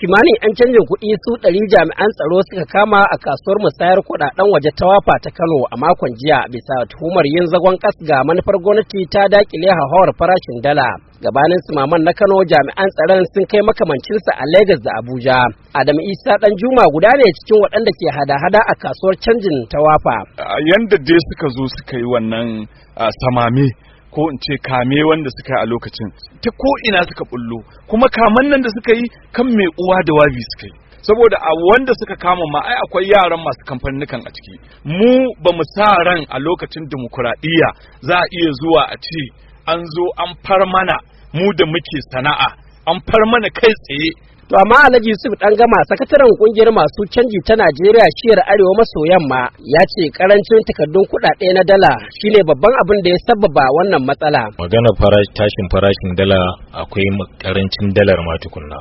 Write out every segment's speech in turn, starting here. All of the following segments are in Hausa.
kimanin 'yan canjin kuɗi su ɗari jami'an tsaro suka kama a kasuwar musayar kuɗaɗen waje ta wafa ta kano a makon jiya bisa tuhumar yin zagon kas ga manufar gwamnati ta dakile hauhawar farashin dala gabanin sumaman na kano jami'an tsaron sun kai makamancinsa a Legas da abuja adam isa dan juma guda ne cikin waɗanda ke hada-hada a kasuwar canjin ta wafa yanda dai suka zo suka yi wannan ah, samame ko in ce kame wanda suka yi a lokacin ta ko ina suka bullo kuma kaman nan da suka yi kan mai uwa da wabi suka yi saboda a wanda suka kama ma ai akwai yaran masu kamfanin a ciki mu ba mu sa ran a lokacin dimokuraɗiyya za a iya zuwa a ce an zo an far mana mu da muke sana'a an far mana kai tsaye To amma Alhaji Yusuf dan gama sakataren kungiyar masu canji ta Najeriya shiyar Arewa maso yamma ya ce karancin takardun kuɗaɗe na dala shine babban abin da ya sabbaba wannan matsala. Magana tashin farashin dala akwai karancin dalar ma tukunna.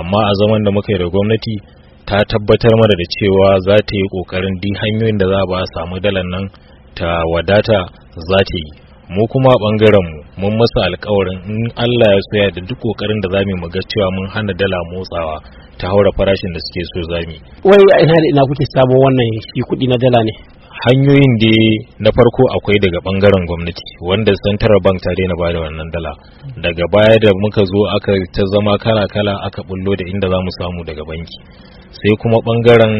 Amma a zaman da muka yi da gwamnati ta tabbatar mana da cewa za ta yi kokarin di hanyoyin da za ba samu dalar nan ta wadata za ta yi. Mu kuma a bangaren mu mun masa alkawarin in Allah ya soya da duk kokarin da zamu mu ga cewa mun hana dala motsawa ta haura farashin da suke so zamu wai ina da ina kuke sabon wannan shi kuɗi na dala ne hanyoyin da na farko akwai daga bangaren gwamnati wanda central bank ta daina bada wannan dala daga baya da muka zo aka ta zama kala kala aka bullo da inda zamu samu daga banki sai kuma bangaren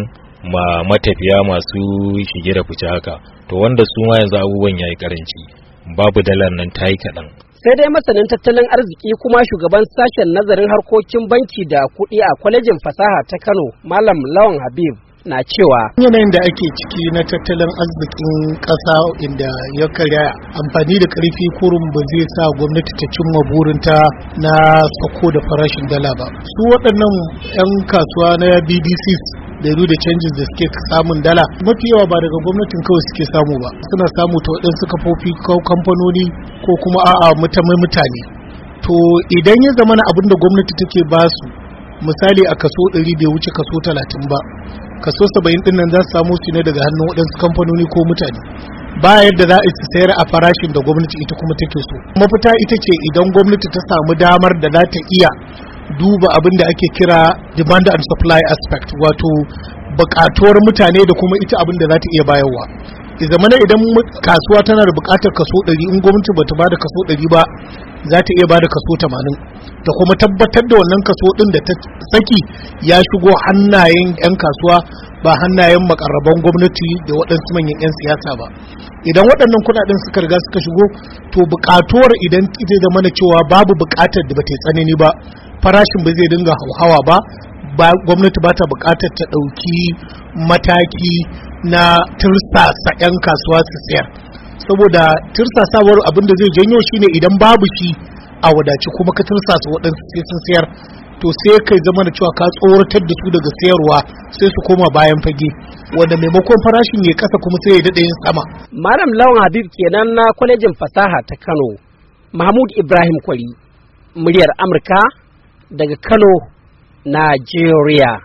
ma matafiya masu shige da fice haka to wanda su ma yanzu abubuwan yayi karanci babu dalar nan ta yi kaɗan. sai dai masanin tattalin arziki kuma shugaban sashen nazarin harkokin banki da kuɗi a kwalejin fasaha ta kano malam lawan habib na cewa yanayin da ake ciki na tattalin arzikin ƙasa inda ya karya amfani da ƙarfi kurum ba zai sa gwamnati ta cimma burinta na sako da farashin dala ba su waɗannan 'yan kasuwa na bbc ɗaru da canjin da suke samun dala mafi yawa ba daga gwamnatin kawai suke samu ba suna samu ta waɗansu kafofi ko kamfanoni ko kuma a'a mutamai mutane to idan ya zama na abin da gwamnati take ba su misali a kaso 100 bai wuce kaso 30 ba kaso 70 din za su samu su ne daga hannun waɗansu kamfanoni ko mutane ba yadda za a su sayar a farashin da gwamnati ita kuma take so mafita ita ce idan gwamnati ta samu damar da za ta iya duba abin da ake kira demand and supply aspect wato bukatuwar mutane da kuma ita abin da za ta iya bayarwa zamana idan kasuwa tana da bukatar kaso 100 in gwamnati bata da kaso 100 ba za ta iya bada kaso 80 da kuma tabbatar da wannan kaso din da ta saki ya shigo hannayen 'yan kasuwa ba hannayen makarraban gwamnati da waɗansu manyan 'yan siyasa ba idan waɗannan kuɗaɗen suka riga suka shigo to bukatuwar idan ita zamana cewa babu bukatar da bata tsanani ba farashin ba zai dinga hauhawa ba gwamnati ba ta bukatar ta ɗauki mataki na tirsasa 'yan kasuwa su sayar saboda tirsasawar abin da zai janyo shine idan babu shi a wadaci kuma ka tirsasa waɗansu sai sun sayar to sai kai zama da cewa ka tsoratar da su daga sayarwa sai su koma bayan fage wanda maimakon farashin ya kasa kuma sai ya daɗe yin sama. Malam Lawan Habib kenan na kwalejin fasaha ta Kano, Mahmud Ibrahim Kwari, muryar Amurka daga Kano, Najeriya.